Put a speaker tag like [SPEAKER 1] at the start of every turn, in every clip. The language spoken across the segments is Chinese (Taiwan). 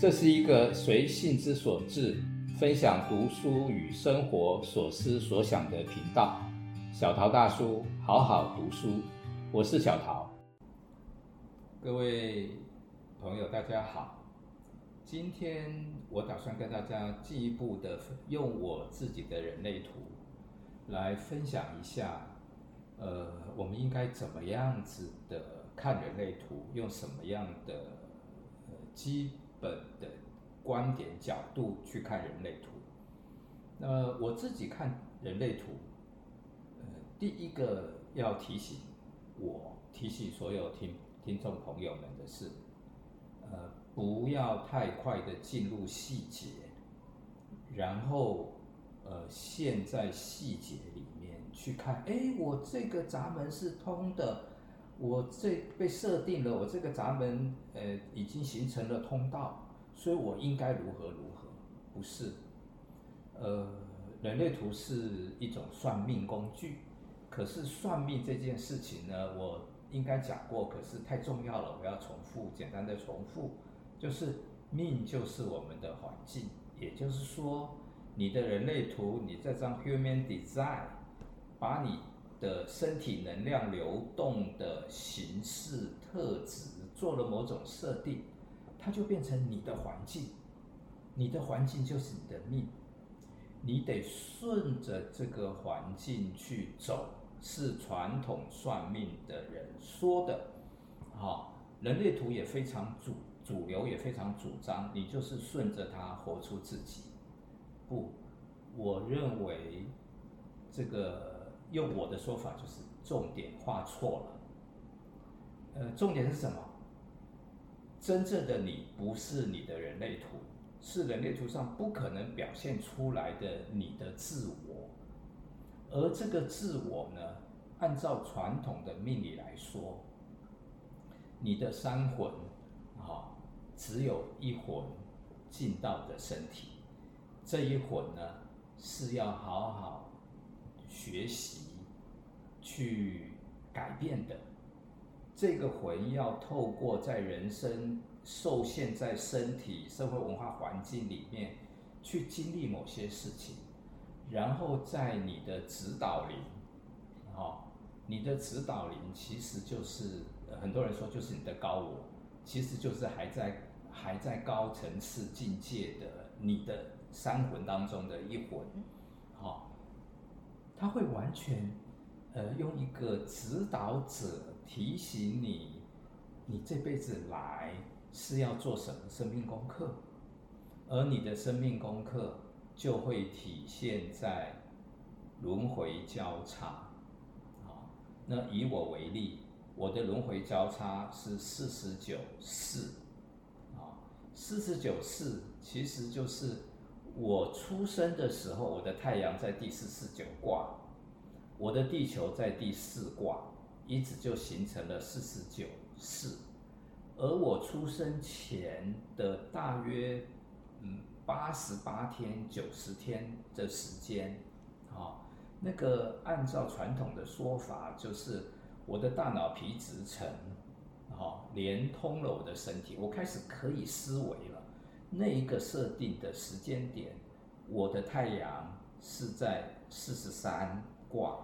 [SPEAKER 1] 這是一個隨性之所至，分享讀書與生活所思所想的頻道。小桃大叔，好好讀書，我是小桃。各位朋友，大家好。今天我打算跟大家進一步的用我自己的人類圖來分享一下，呃，我們應該怎麼樣子的看人類圖，用什麼樣的、呃、機本的觀點角度去看人類圖，那我自己看人類圖，呃，第一個要提醒我、提醒所有聽聽眾朋友們的是，呃，不要太快的進入細節，然後呃陷在細節裡面去看，誒，我這個閘門是通的。我這被設定了，我這個閘門，呃，已經形成了通道，所以我應該如何如何？不是，呃，人類圖是一種算命工具，可是算命這件事情呢，我應該講過，可是太重要了，我要重複，簡單的重複，就是命就是我們的環境，也就是說，你的人類圖，你這張 human design，把你。的身體能量流動的形式特質，做了某種設定，它就變成你的環境。你的環境就是你的命，你得順着這個環境去走。是傳統算命的人說的，好、哦，人類圖也非常主主流也非常主張，你就是順着它活出自己。不，我認為這個。用我的說法就是，重點畫錯了。呃，重點是什麼？真正的你不是你的人類圖，是人類圖上不可能表現出來的你的自我。而這個自我呢，按照傳統的命理來說，你的三魂，啊、哦，只有一魂進到你的身體，這一魂呢是要好好。學習去改變的這個魂，要透過在人生受限在身體、社會文化環境裡面去經歷某些事情，然後在你的指導靈，啊、哦，你的指導靈其實就是、呃、很多人說就是你的高我，其實就是還在還在高層次境界的你的三魂當中的一魂。他會完全，呃，用一個指導者提醒你，你這輩子來是要做什麼生命功課，而你的生命功課就會體現在輪迴交叉。啊、哦，那以我為例，我的輪迴交叉是四十九四，啊、哦，四十九四其實就是。我出生的時候，我的太陽在第四十九卦，我的地球在第四卦，一直就形成了四十九四。而我出生前的大約嗯八十八天、九十天的時間，啊、哦，那個按照傳統的說法，就是我的大腦皮質層，啊、哦，連通了我的身體，我開始可以思維了。那一個設定的時間點，我的太陽是在四十三卦，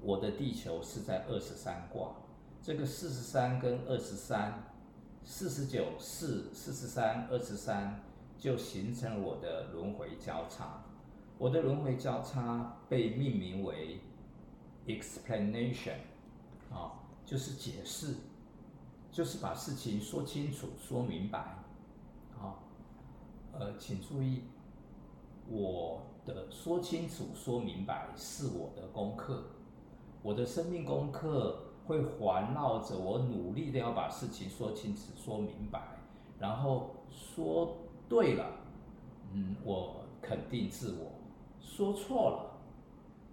[SPEAKER 1] 我的地球是在二十三卦。這個四十三跟二十三，四十九四四十三二十三，就形成我的輪迴交叉。我的輪迴交叉被命名為 explanation，啊、哦，就是解釋，就是把事情說清楚、說明白。呃，請注意，我的說清楚、說明白是我的功課，我的生命功課會環繞着我，努力的要把事情說清楚、說明白，然後說對了，嗯，我肯定自我；說錯了，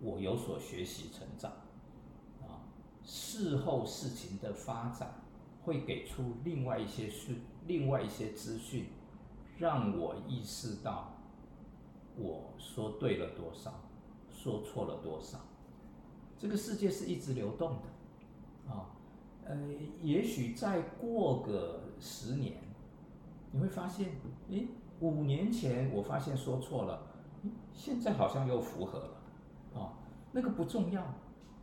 [SPEAKER 1] 我有所學習成長。啊，事後事情的發展會給出另外一些訊，另外一些資訊。讓我意識到，我說對了多少，說錯了多少。這個世界是一直流動的，啊、哦，呃，也許再過個十年，你會發現，誒，五年前我發現說錯了，現在好像又符合了，啊、哦，那個不重要，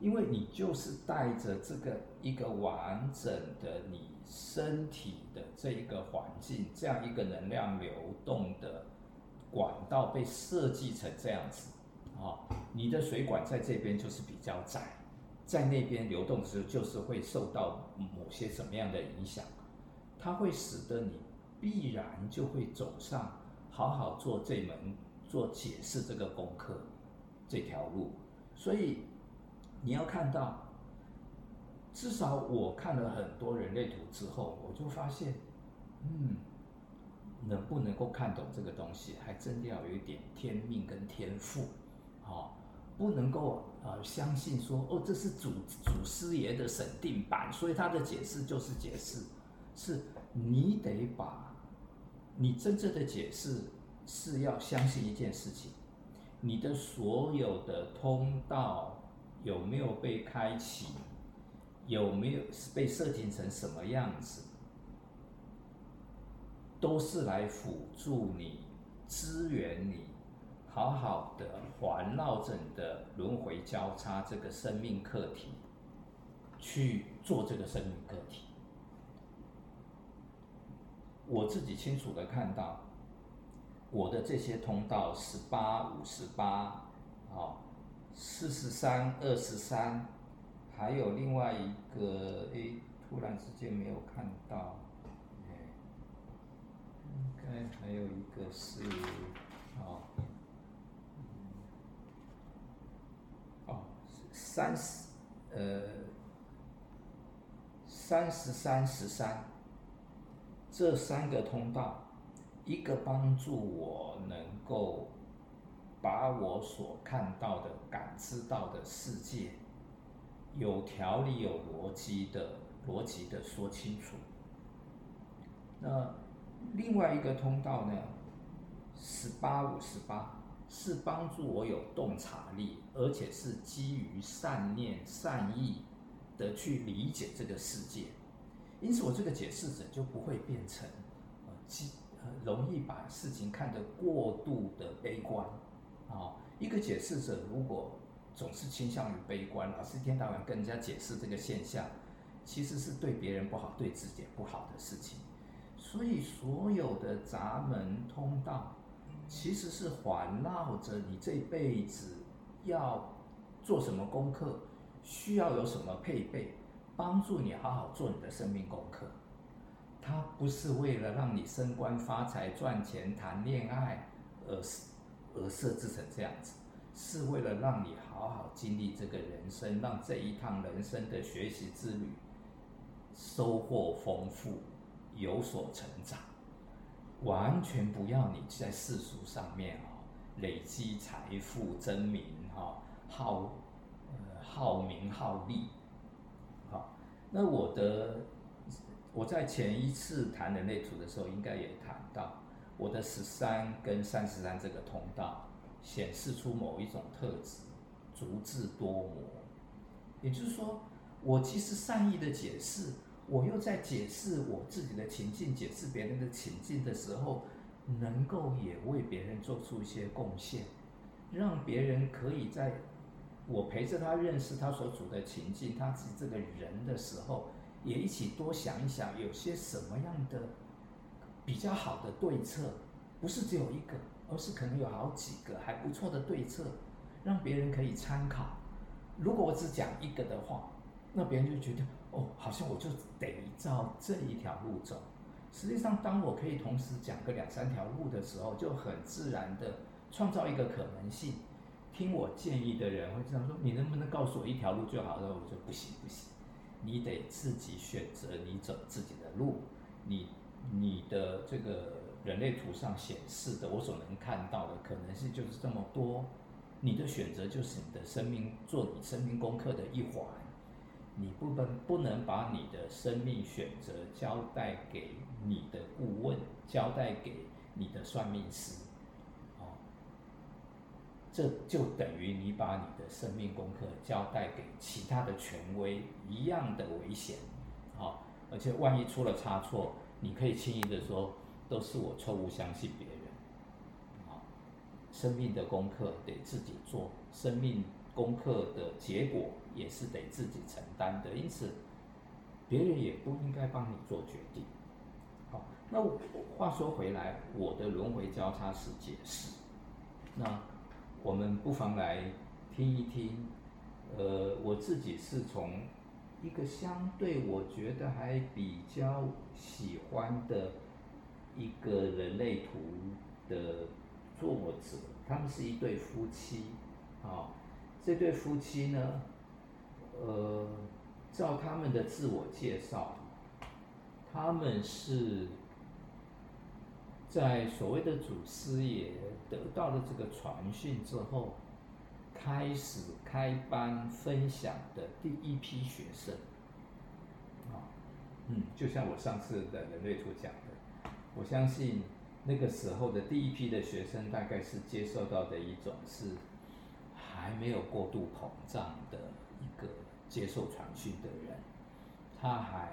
[SPEAKER 1] 因為你就是帶着這個一個完整的你。身體的這一個環境，這樣一個能量流動的管道被設計成這樣子，啊、哦，你的水管在這邊就是比較窄，在那邊流動時就是會受到某些什麼樣的影響，它會使得你必然就會走上好好做這門做解釋這個功課這條路，所以你要看到。至少我看了很多人類圖之後，我就發現，嗯，能不能夠看懂這個東西，還真的要有一點天命跟天賦，好、哦，不能夠呃相信說哦，這是祖祖師爺的審定版，所以他的解釋就是解釋，是你得把，你真正的解釋是要相信一件事情，你的所有的通道有沒有被開啟？有沒有是被設計成什麼樣子，都是來輔助你、支援你，好好的環繞着你的輪迴交叉這個生命課題，去做這個生命課題。我自己清楚的看到，我的這些通道十八、哦、五十八，啊，四十三、二十三。還有另外一個，哎、欸，突然之間沒有看到，哎、欸，應該還有一個是，哦、嗯，哦，三十，呃，三十三十三，這三個通道，一個幫助我能夠把我所看到的、感知到的世界。有條理、有邏輯的、邏輯的說清楚。那另外一個通道呢？十八五十八是幫助我有洞察力，而且是基於善念、善意的，去理解這個世界。因此，我這個解釋者就不會變成啊，容易把事情看得過度的悲觀。啊，一個解釋者如果。總是傾向於悲觀，老是一天到晚跟人家解釋這個現象，其實是對別人不好、對自己不好的事情。所以，所有的閘門通道，其實是環繞着你這一輩子要做什麼功課，需要有什麼配備，幫助你好好做你的生命功課。它不是為了讓你升官發財、賺錢、談戀愛，而設而設置成這樣子。是為了讓你好好經歷這個人生，讓這一趟人生的學習之旅收穫豐富，有所成長。完全不要你在世俗上面啊、哦，累積財富、爭名哈、哦、好呃好名好利。好，那我的我在前一次談人類圖的時候，應該也談到我的十三跟三十三這個通道，顯示出某一種特質，足智多謀。也就是說，我既是善意的解釋，我又在解釋我自己的情境，解釋別人的情境的時候，能夠也為別人做出一些貢獻，讓別人可以在我陪着他認識他所處的情境，他是這個人的時候，也一起多想一想有些什麼樣的比較好的對策，不是只有一個。而是可能有好幾個還不錯的對策，讓別人可以參考。如果我只講一個的話，那別人就覺得哦，好像我就得照這一條路走。實際上，當我可以同時講個兩三條路的時候，就很自然的創造一個可能性。聽我建議的人會這樣說：“你能不能告訴我一條路就好了？”我就不行不行，你得自己選擇，你走自己的路。你你的這個。人類圖上顯示的，我所能看到的可能性就是這麼多。你的選擇就是你的生命，做你生命功課的一環。你不能，不能把你的生命選擇交代給你的顧問，交代給你的算命師，啊、哦，這就等於你把你的生命功課交代給其他的權威一樣的危險。啊、哦，而且萬一出了差錯，你可以輕易的說。都是我錯誤相信別人，啊，生命的功課得自己做，生命功課的結果也是得自己承擔的。因此，別人也不應該幫你做決定。好，那我話說回來，我的輪迴交叉式解釋，那我們不妨來聽一聽。呃，我自己是從一個相對我覺得還比較喜歡的。一個人類圖的作者，他們是一對夫妻啊、哦。這對夫妻呢，呃，照他們的自我介紹，他們是，在所謂的祖師爺得到了這個傳訊之後，開始開班分享的第一批學生啊、哦。嗯，就像我上次的人類圖講。我相信那個時候的第一批的學生，大概是接受到的一種是還沒有過度膨脹的一個接受傳訊的人，他還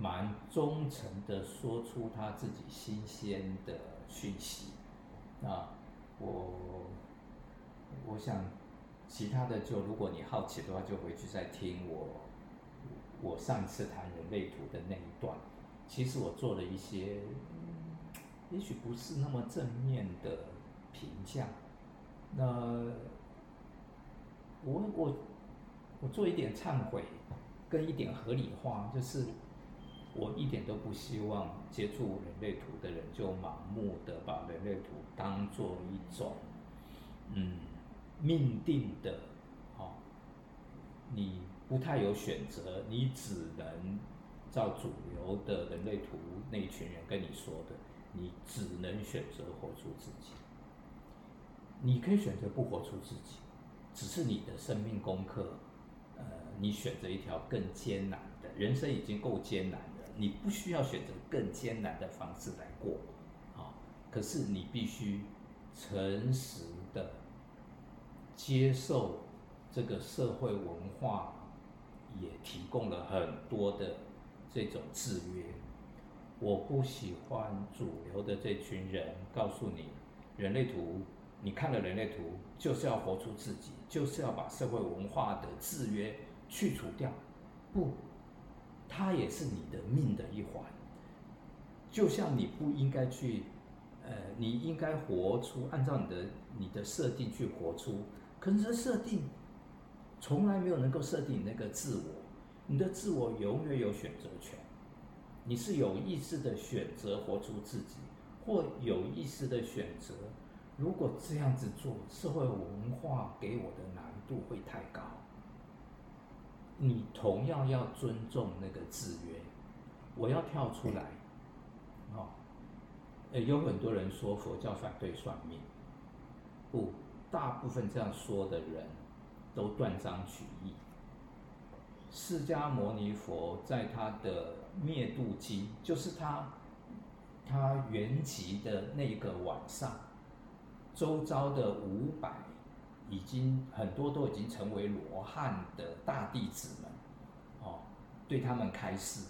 [SPEAKER 1] 蠻忠誠的，說出他自己新鮮的訊息。那我我想其他的就，如果你好奇的話，就回去再聽我我上次談人類圖的那一段。其實我做了一些，嗯，也許不是那麼正面的評價。那我我我做一點懺悔，跟一點合理化，就是我一點都不希望接觸人類圖的人就盲目的把人類圖當做一種，嗯，命定的，哦，你不太有選擇，你只能。到主流的人類圖那一群人跟你說的，你只能選擇活出自己。你可以選擇不活出自己，只是你的生命功課。呃，你選擇一條更艱難的人生已經夠艱難了，你不需要選擇更艱難的方式來過。好、哦，可是你必須誠實的接受這個社會文化也提供了很多的。這種制約，我不喜歡主流的這群人告訴你，人類圖，你看了人類圖，就是要活出自己，就是要把社會文化的制約去除掉。不，它也是你的命的一環。就像你不應該去，呃，你應該活出，按照你的你的設定去活出，可是設定從來沒有能夠設定那個自我。你的自我永遠有選擇權，你是有意識的選擇活出自己，或有意識的選擇，如果這樣子做，社會文化給我的難度會太高。你同樣要尊重那個制約，我要跳出來，哦，有很多人說佛教反對算命，不，大部分這樣說的人都斷章取義。釋迦牟尼佛在他的滅度經，就是他他圓寂的那個晚上，週遭的五百已經很多都已經成為羅漢的大弟子們，哦，對他們開示，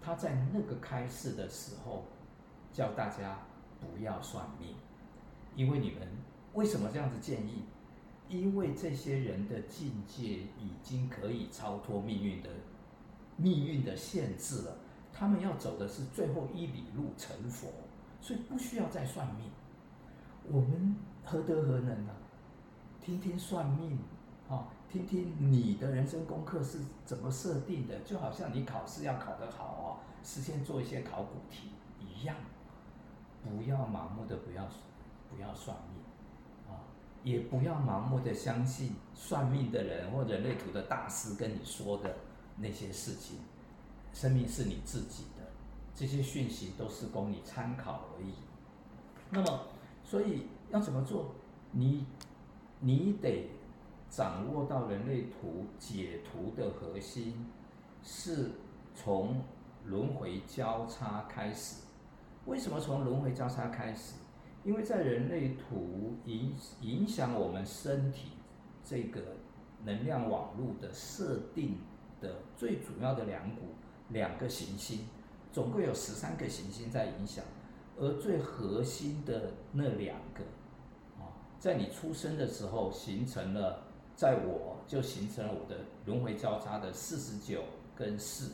[SPEAKER 1] 他在那個開示的時候，叫大家不要算命，因為你們為什麼這樣子建議？因為這些人的境界已經可以超脫命運的，命運的限制了。他們要走的是最後一里路成佛，所以不需要再算命。我們何德何能呢、啊？聽聽算命，啊、哦，聽聽你的人生功課是怎麼設定的，就好像你考試要考得好啊、哦，事先做一些考古題一樣。不要盲目的，不要不要算命。也不要盲目的相信算命的人或人類圖的大師跟你說的那些事情。生命是你自己的，這些訊息都是供你參考而已。那麼，所以要怎麼做？你，你得掌握到人類圖解圖的核心，是從輪迴交叉開始。為什麼從輪迴交叉開始？因為在人類圖影影響我們身體這個能量網路的設定的最主要的兩股兩個行星，總共有十三個行星在影響，而最核心的那兩個，啊，在你出生的時候形成了，在我就形成了我的輪迴交叉的四十九跟四，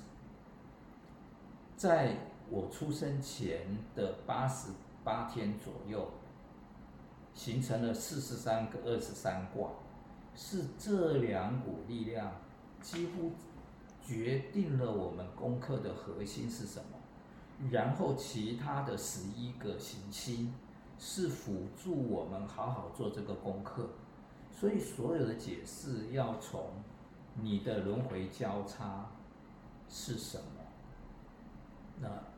[SPEAKER 1] 在我出生前的八十。八天左右，形成了四十三個二十三卦。是這兩股力量幾乎決定了我們功課的核心是什麼。然後其他的十一個行星是輔助我們好好做這個功課，所以所有的解釋要從你的輪迴交叉是什麼，那。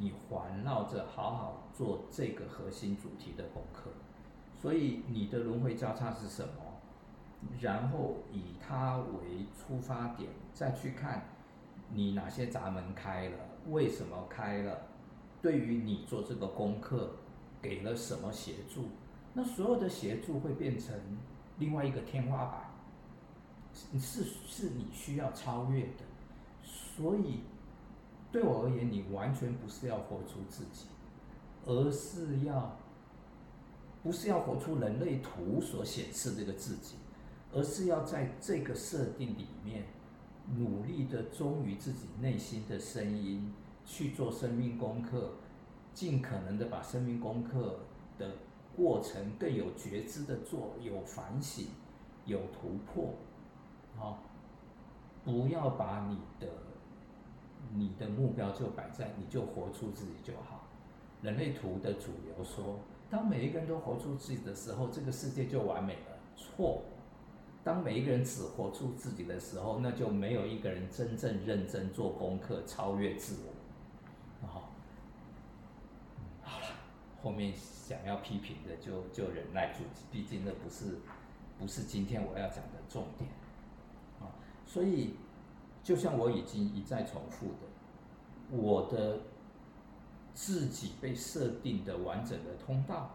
[SPEAKER 1] 你環繞着好好做這個核心主題的功課，所以你的輪迴交叉是什麼？然後以它為出發點，再去看你哪些閘門開了，為什麼開了？對於你做這個功課，給了什麼協助？那所有的協助會變成另外一個天花板，是是你需要超越的，所以。對我而言，你完全不是要活出自己，而是要，不是要活出人類圖所顯示這個自己，而是要在這個設定裡面努力的忠於自己內心的聲音，去做生命功課，盡可能的把生命功課的過程更有覺知的做，有反省，有突破，啊、哦，不要把你的。你的目標就擺在，你就活出自己就好。人類圖的主流說，當每一個人都活出自己的時候，這個世界就完美了。錯，當每一個人只活出自己的時候，那就沒有一個人真正認真做功課，超越自我。好、哦嗯，好了，後面想要批評的就就忍耐住，畢竟這不是不是今天我要講的重點啊、哦，所以。就像我已經一再重複的，我的自己被設定的完整的通道，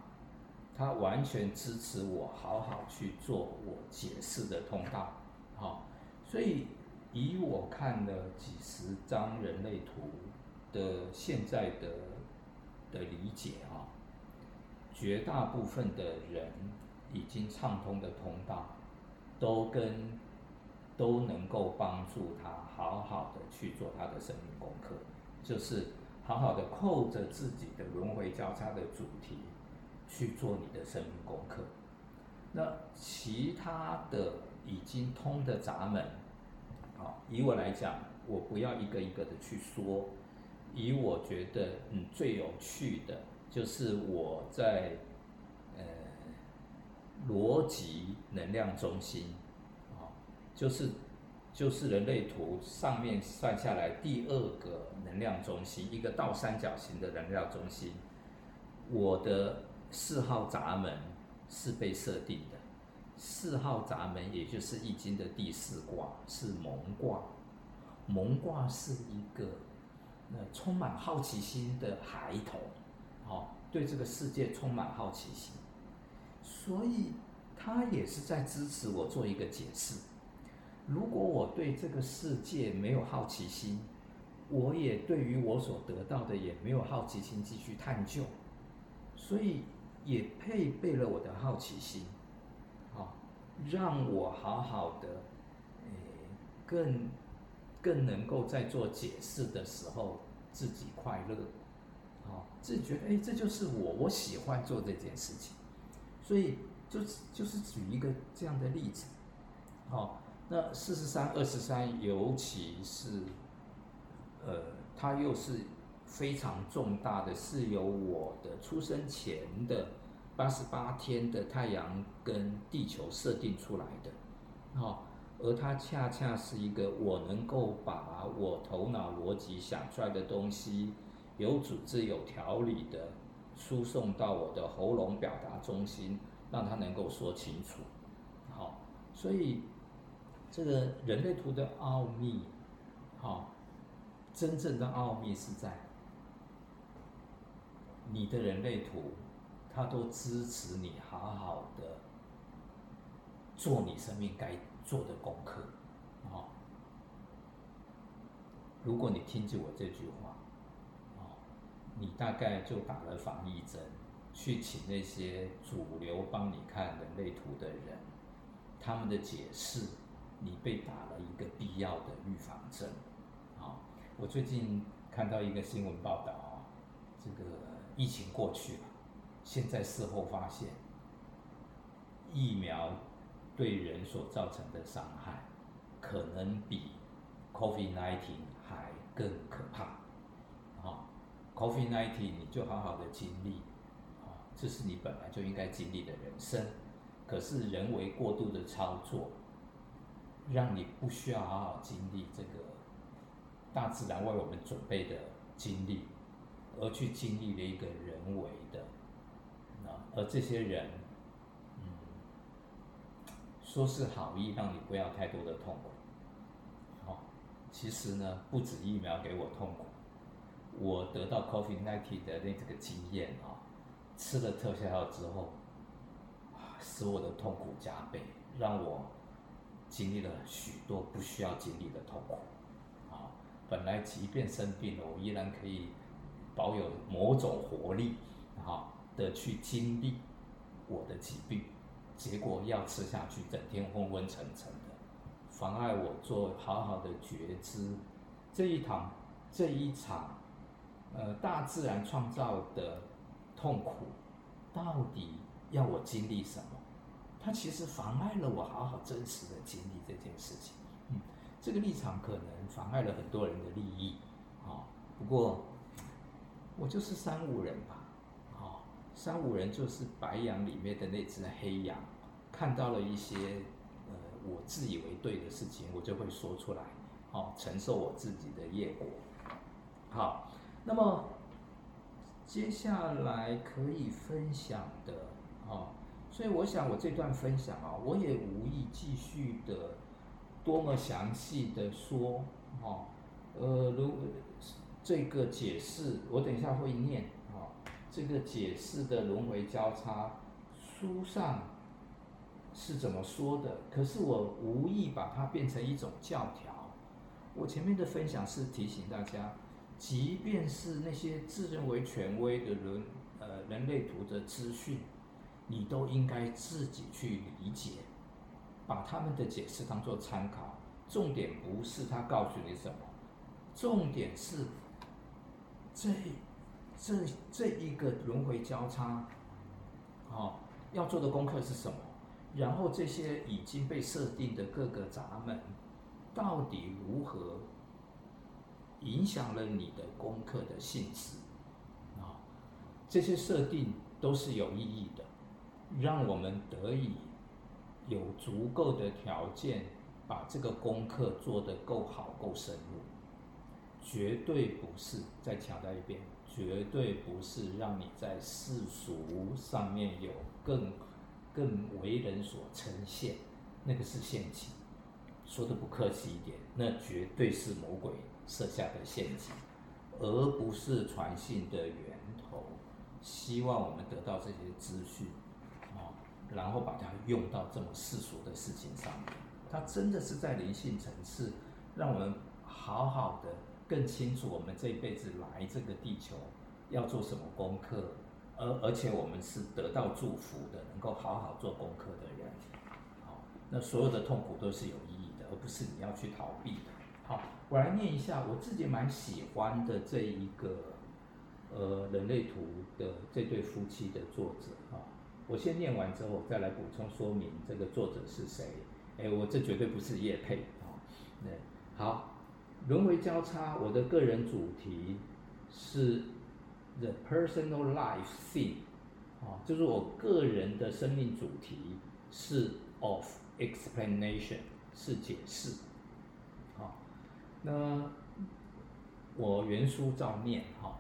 [SPEAKER 1] 它完全支持我好好去做我解釋的通道。啊、哦，所以以我看了幾十張人類圖的現在的的理解啊、哦，絕大部分的人已經暢通的通道，都跟。都能夠幫助他好好的去做他的生命功課，就是好好的扣着自己的輪回交叉的主題去做你的生命功課。那其他的已經通的閘門，好，以我來講，我不要一個一個的去說。以我覺得，嗯，最有趣的就是我在呃邏輯能量中心，就是，就是人類圖上面算下來第二個能量中心，一個倒三角形的能量中心。我的四號閘門是被設定的，四號閘門也就是易經的第四卦是蒙卦，蒙卦是一個呃充滿好奇心的孩童，哦，對這個世界充滿好奇心，所以他也是在支持我做一個解釋。如果我對這個世界沒有好奇心，我也對於我所得到的也沒有好奇心繼續探究，所以也配備了我的好奇心，啊，哦，讓我好好的，哎，更更能夠在做解釋的時候自己快樂，啊，哦，自己覺得，哎，這就是我，我喜歡做這件事情，所以就就是舉一個這樣的例子，好，哦。那四十三、二十三，尤其是，呃，它又是非常重大的，是由我的出生前的八十八天的太陽跟地球設定出來的，好、哦，而它恰恰是一個我能夠把我頭腦邏輯想出來的東西，有組織、有條理的輸送到我的喉嚨表達中心，讓它能夠說清楚，好、哦，所以。這個人類圖的奧秘，好、哦，真正的奧秘是在你的人類圖，它都支持你好好的做你生命該做的功課，啊、哦，如果你聽見我這句話，啊、哦，你大概就打了防疫針，去請那些主流幫你看人類圖的人，他們的解釋。你被打了一個必要的預防針，啊、哦！我最近看到一個新聞報道啊、哦，這個疫情過去了，現在事後發現，疫苗對人所造成的傷害，可能比 COVID-19 還更可怕。啊、哦，COVID-19 你就好好的經歷，啊、哦，這是你本來就應該經歷的人生。可是人為過度的操作。讓你不需要好好經歷這個大自然為我們準備的經歷，而去經歷了一個人為的啊，而這些人，嗯，說是好意，讓你不要太多的痛苦，好、哦，其實呢，不止疫苗給我痛苦，我得到 COVID-19 的那這個經驗啊、哦，吃了特效藥之後，啊，使我的痛苦加倍，讓我。經歷了許多不需要經歷的痛苦，啊，本來即便生病了，我依然可以保有某種活力，好的，去經歷我的疾病，結果藥吃下去，整天昏昏沉沉的，妨礙我做好好的覺知。這一堂，這一場，呃，大自然創造的痛苦，到底要我經歷什麼？他其實妨礙了我好好真實的經歷這件事情，嗯，這個立場可能妨礙了很多人的利益，啊、哦，不過我就是三五人吧，啊、哦，三五人就是白羊裡面的那隻黑羊，看到了一些呃我自以為對的事情，我就會說出來，哦，承受我自己的業果，好，那麼接下來可以分享的，哦所以我想，我這段分享啊，我也無意繼續的多麼詳細的說，哈、哦，呃，如這個解釋，我等一下會念，哈、哦，這個解釋的輪回交叉書上是怎麼說的？可是我無意把它變成一種教條。我前面的分享是提醒大家，即便是那些自認為權威的人，呃，人類圖的資訊。你都應該自己去理解，把他們的解釋當做參考。重點不是他告訴你什麼，重點是這這這一個輪迴交叉，好、哦、要做的功課是什麼？然後這些已經被設定的各個閘門，到底如何影響了你的功課的性質？啊、哦，這些設定都是有意義的。讓我們得以有足夠的條件，把這個功課做得夠好、夠深入。絕對不是，再強調一遍，絕對不是讓你在世俗上面有更、更為人所稱羨。那個是陷阱，說得不客氣一點，那絕對是魔鬼設下的陷阱，而不是傳信的源頭。希望我們得到這些資訊。然後把它用到這麼世俗的事情上面，它真的是在靈性層次，讓我們好好的更清楚我們這一輩子來這個地球要做什麼功課，而而且我們是得到祝福的，能夠好好做功課的人。好，那所有的痛苦都是有意義的，而不是你要去逃避的。好，我來念一下我自己蠻喜歡的這一個呃人類圖的這對夫妻的作者啊。我先念完之後，我再來補充說明這個作者是誰？哎，我這絕對不是業配啊。那好，輪迴交叉，我的個人主題是 the personal life theme，啊，就是我個人的生命主題是 of explanation，是解釋。好，那我原書照念。哈，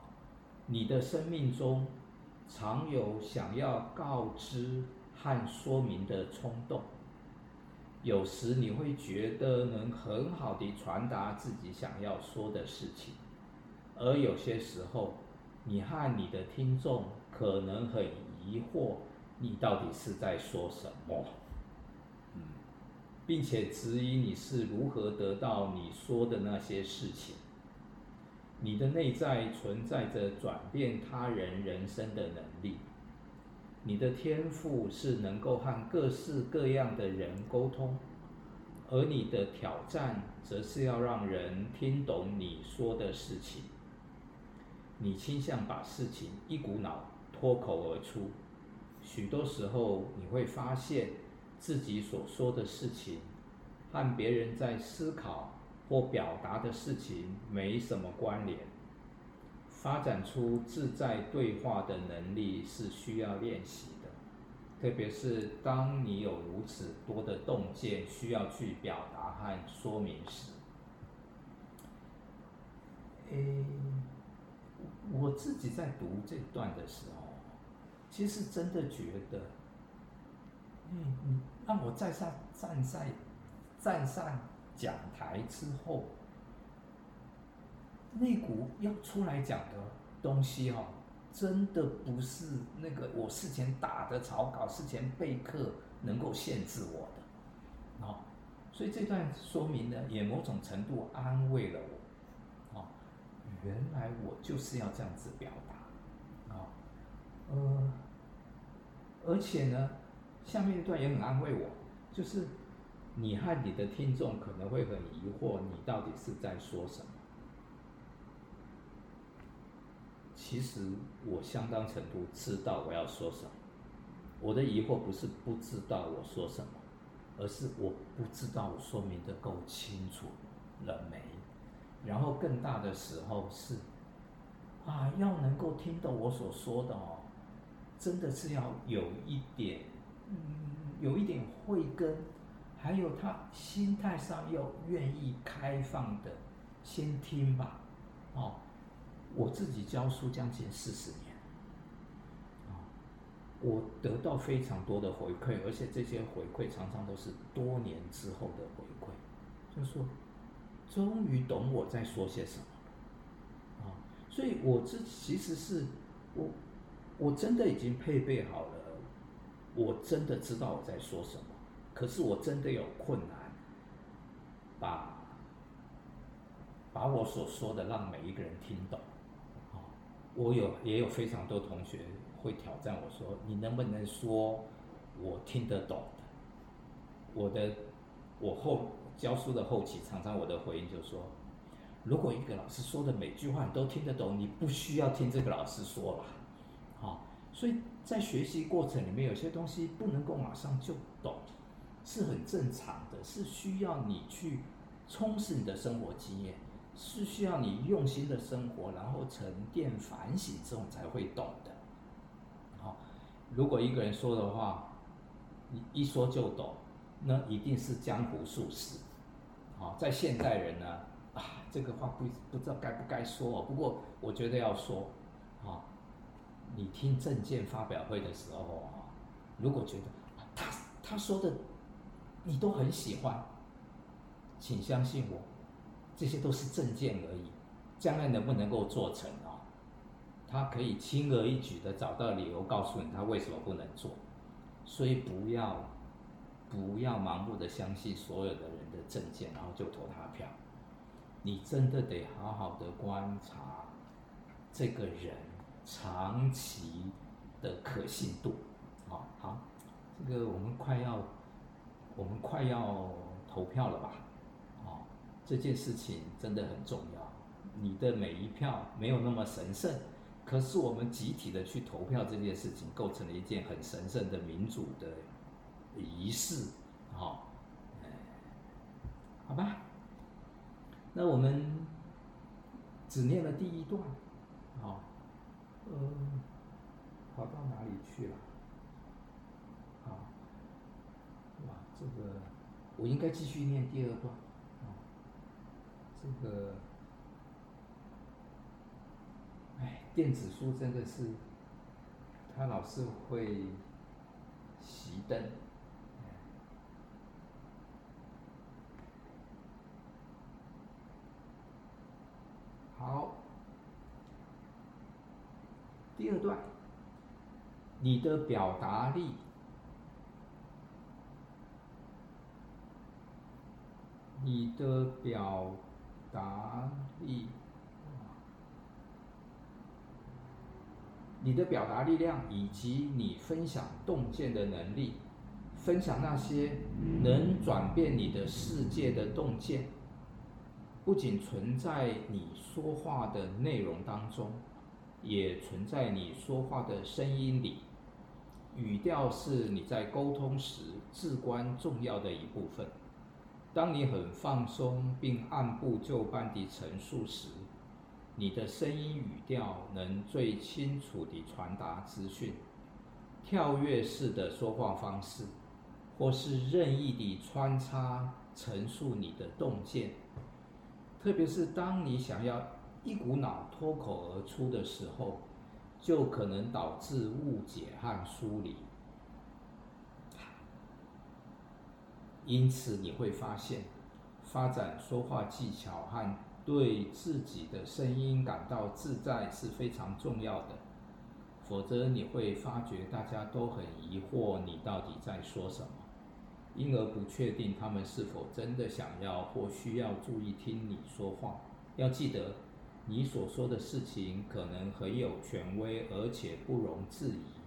[SPEAKER 1] 你的生命中，常有想要告知和說明的衝動，有時你會覺得能很好地傳達自己想要說的事情，而有些時候，你和你的聽眾可能很疑惑，你到底是在說什麼，嗯，並且質疑你是如何得到你說的那些事情。你的內在存在着轉變他人人生的能力，你的天賦是能夠和各式各樣的人溝通，而你的挑戰則是要讓人聽懂你說的事情。你傾向把事情一股腦脫口而出，許多時候你會發現自己所說的事情和別人在思考。或表達的事情沒什麼關聯，發展出自在對話的能力是需要練習的，特別是當你有如此多的洞見需要去表達和說明時。欸，我自己在讀這段的時候，其實真的覺得，嗯，讓我在上站在站上，講台之後，那股要出來講的東西哈、哦，真的不是那個我事前打的草稿，事前備課能夠限制我的，哦。所以這段說明呢，也某種程度安慰了我。哦，原來我就是要這樣子表達。哦，呃，而且呢，下面一段也很安慰我，就是。你和你的聽眾可能會很疑惑，你到底是在說什麼？其實我相當程度知道我要說什麼，我的疑惑不是不知道我說什麼，而是我不知道我說明得夠清楚了沒？然後更大的時候是，啊，要能夠聽懂我所說的哦，真的是要有一點，嗯，有一點慧根。還有他心態上要願意開放的，先聽吧，哦，我自己教書將近四十年，啊、哦，我得到非常多的回饋，而且這些回饋常常都是多年之後的回饋，就是、說終於懂我在說些什麼，啊、哦，所以我這其實是我我真的已經配備好了，我真的知道我在說什麼。可是我真的有困難把，把把我所說的讓每一個人聽懂。我有也有非常多同學會挑戰我說：“你能不能說我聽得懂的？”我的我後教書的後期常常我的回應就說：“如果一個老師說的每句話你都聽得懂，你不需要聽這個老師說了。”哦啊，所以在學習過程裡面，有些東西不能夠馬上就懂。是很正常的，是需要你去充實你的生活經驗，是需要你用心的生活，然後沉澱反省之後才會懂的。好、哦，如果一個人說的話，一一說就懂，那一定是江湖術士。好、哦，在現代人呢，啊，這個話不不知道該不該說哦。不過我覺得要說，啊、哦，你聽政見發表會的時候、哦、如果覺得他他說的。你都很喜歡，請相信我，這些都是政見而已，將來能不能夠做成啊、哦？他可以輕而易舉的找到理由告訴你他為什麼不能做，所以不要不要盲目的相信所有的人的政見，然後就投他票，你真的得好好的觀察這個人長期的可信度，啊、哦、好，這個我們快要。我們快要投票了吧？哦，這件事情真的很重要。你的每一票沒有那麼神聖，可是我們集體的去投票這件事情，構成了一件很神聖的民主的儀式，啊。好吧，那我們只念了第一段，啊，嗯，跑到哪裡去了？這個，我應該繼續念第二段。啊、哦，這個，哎，電子書真的是，它老是會熄燈，嗯。好，第二段，你的表達力。你的表達力，你的表達力量，以及你分享洞見的能力，分享那些能轉變你的世界的洞見，不僅存在你說話的內容當中，也存在你說話的聲音裡，語調是你在溝通時至關重要的一部分。當你很放鬆並按部就班地陳述時，你的聲音語調能最清楚地傳達資訊，跳躍式的說話方式，或是任意地穿插陳述你的洞見，特別是當你想要一股腦脫口而出的時候，就可能導致誤解和疏離。因此你會發現，發展說話技巧和對自己的聲音感到自在是非常重要的。否則你會發覺大家都很疑惑你到底在說什麼，因而不確定他們是否真的想要或需要注意聽你說話。要記得，你所說的事情可能很有權威，而且不容置疑。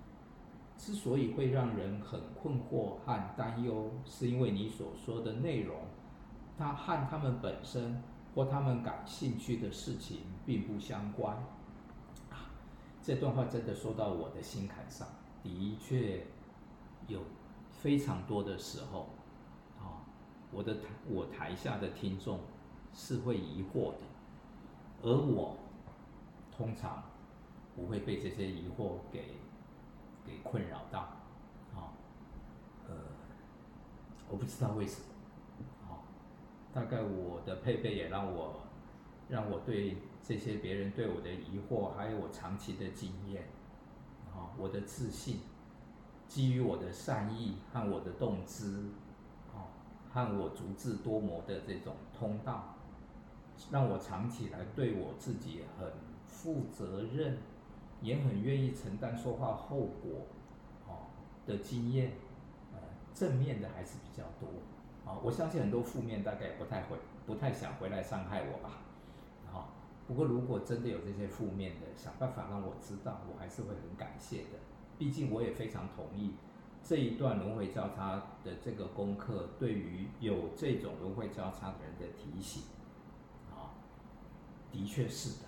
[SPEAKER 1] 之所以會讓人很困惑和擔憂，是因為你所說的內容，他和他們本身或他們感興趣的事情並不相關。啊，這段話真的說到我的心坎上，的確有非常多的時候，啊、哦，我的我台下的聽眾是會疑惑的，而我通常不會被這些疑惑給。給困擾到，啊、哦，呃，我不知道為什麼，啊、哦，大概我的配備也讓我，讓我對這些別人對我的疑惑，還有我長期的經驗，啊、哦，我的自信，基於我的善意和我的動機，啊、哦，和我足智多謀的這種通道，讓我長期來對我自己很負責任。也很願意承擔說話後果，啊的經驗，呃，正面的還是比較多，啊，我相信很多負面大概也不太會，不太想回來傷害我吧，啊，不過如果真的有這些負面的，想辦法讓我知道，我還是會很感謝的。畢竟我也非常同意這一段輪迴交叉的這個功課，對於有這種輪迴交叉的人的提醒，啊，的確是的。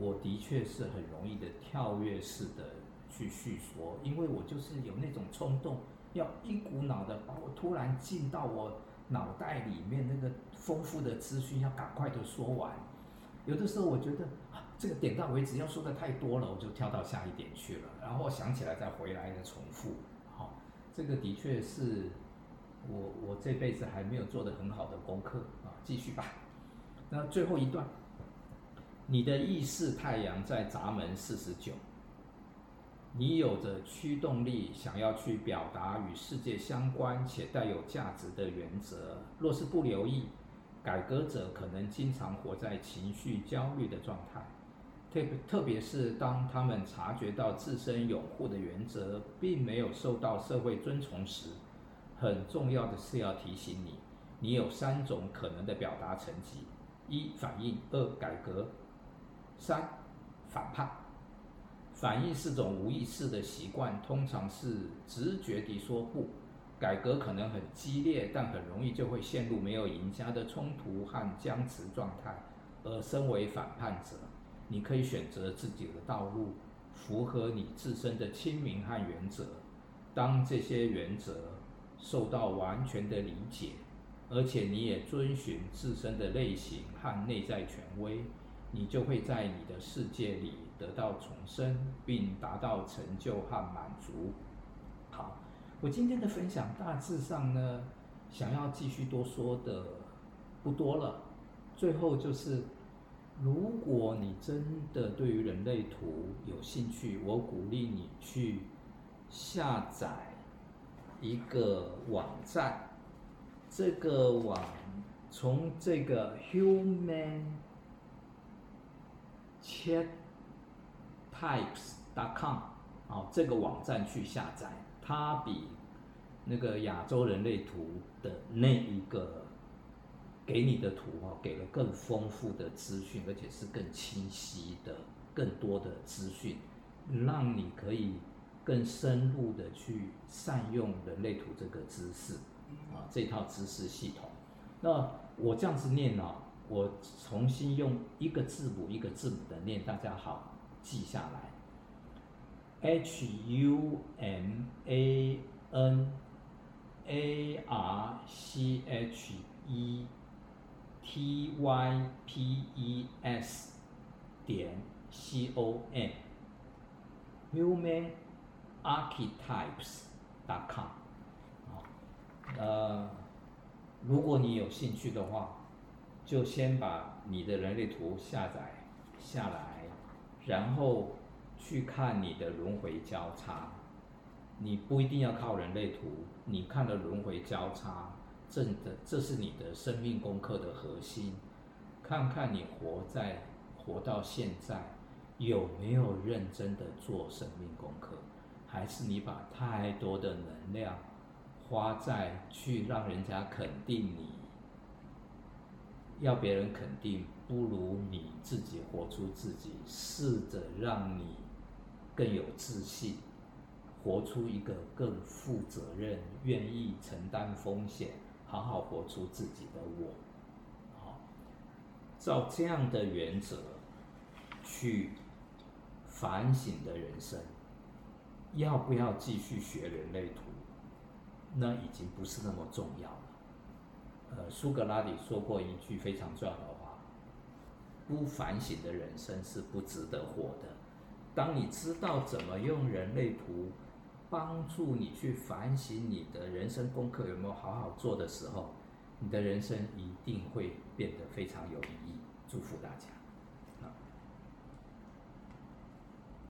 [SPEAKER 1] 我的確是很容易的跳躍式的去敘說，因為我就是有那種衝動，要一股腦的把我突然進到我腦袋裡面那個豐富的資訊要趕快的說完。有的時候我覺得啊，這個點到為止，要說的太多了，我就跳到下一點去了，然後想起來再回來的重複。好，這個的確是我我這輩子還沒有做得很好的功課啊，繼續吧。那最後一段。你的意識太陽在閘門四十九。你有着驅動力，想要去表達與世界相關且帶有價值的原則。若是不留意，改革者可能經常活在情緒焦慮的狀態。特別特別是當他們察覺到自身擁護的原則並沒有受到社會尊崇時，很重要的是要提醒你，你有三種可能的表達層級：一、反應；二、改革。三，反叛，反應是種無意識的習慣，通常是直覺地說不。改革可能很激烈，但很容易就會陷入沒有贏家的衝突和僵持狀態。而身為反叛者，你可以選擇自己的道路，符合你自身的清明和原則。當這些原則受到完全的理解，而且你也遵循自身的類型和內在權威。你就會在你的世界裡得到重生，並達到成就和滿足。好，我今天的分享大致上呢，想要繼續多說的不多了。最後就是，如果你真的對於人類圖有興趣，我鼓勵你去下載一個網站，這個網從這個 Human。c h e a t y p e s c o m 哦，這個網站去下載，它比那個亞洲人類圖的那一個給你的圖哈、哦，給了更豐富的資訊，而且是更清晰的、更多的資訊，讓你可以更深入的去善用人類圖這個知識啊、哦，這套知識系統。那我這樣子念啊、哦。我重新用一個字母一個字母的念，大家好，記下來。humanarchetypes 點 c o m，humanarchetypes dot com。啊，呃，如果你有興趣的話。就先把你的人類圖下載下來，然後去看你的輪回交叉。你不一定要靠人類圖，你看了輪回交叉，這的這是你的生命功課的核心。看看你活在活到現在，有沒有認真的做生命功課，還是你把太多的能量花在去讓人家肯定你。要別人肯定，不如你自己活出自己。試着讓你更有自信，活出一個更負責任、願意承擔風險、好好活出自己的我。好，哦，照這樣的原則去反省的人生，要不要繼續學人類圖，那已經不是那麼重要。呃，蘇格拉底說過一句非常重要的話，不反省的人生是不值得活的。當你知道怎麼用人類圖，幫助你去反省你的人生功課有沒有好好做的時候，你的人生一定會變得非常有意義。祝福大家。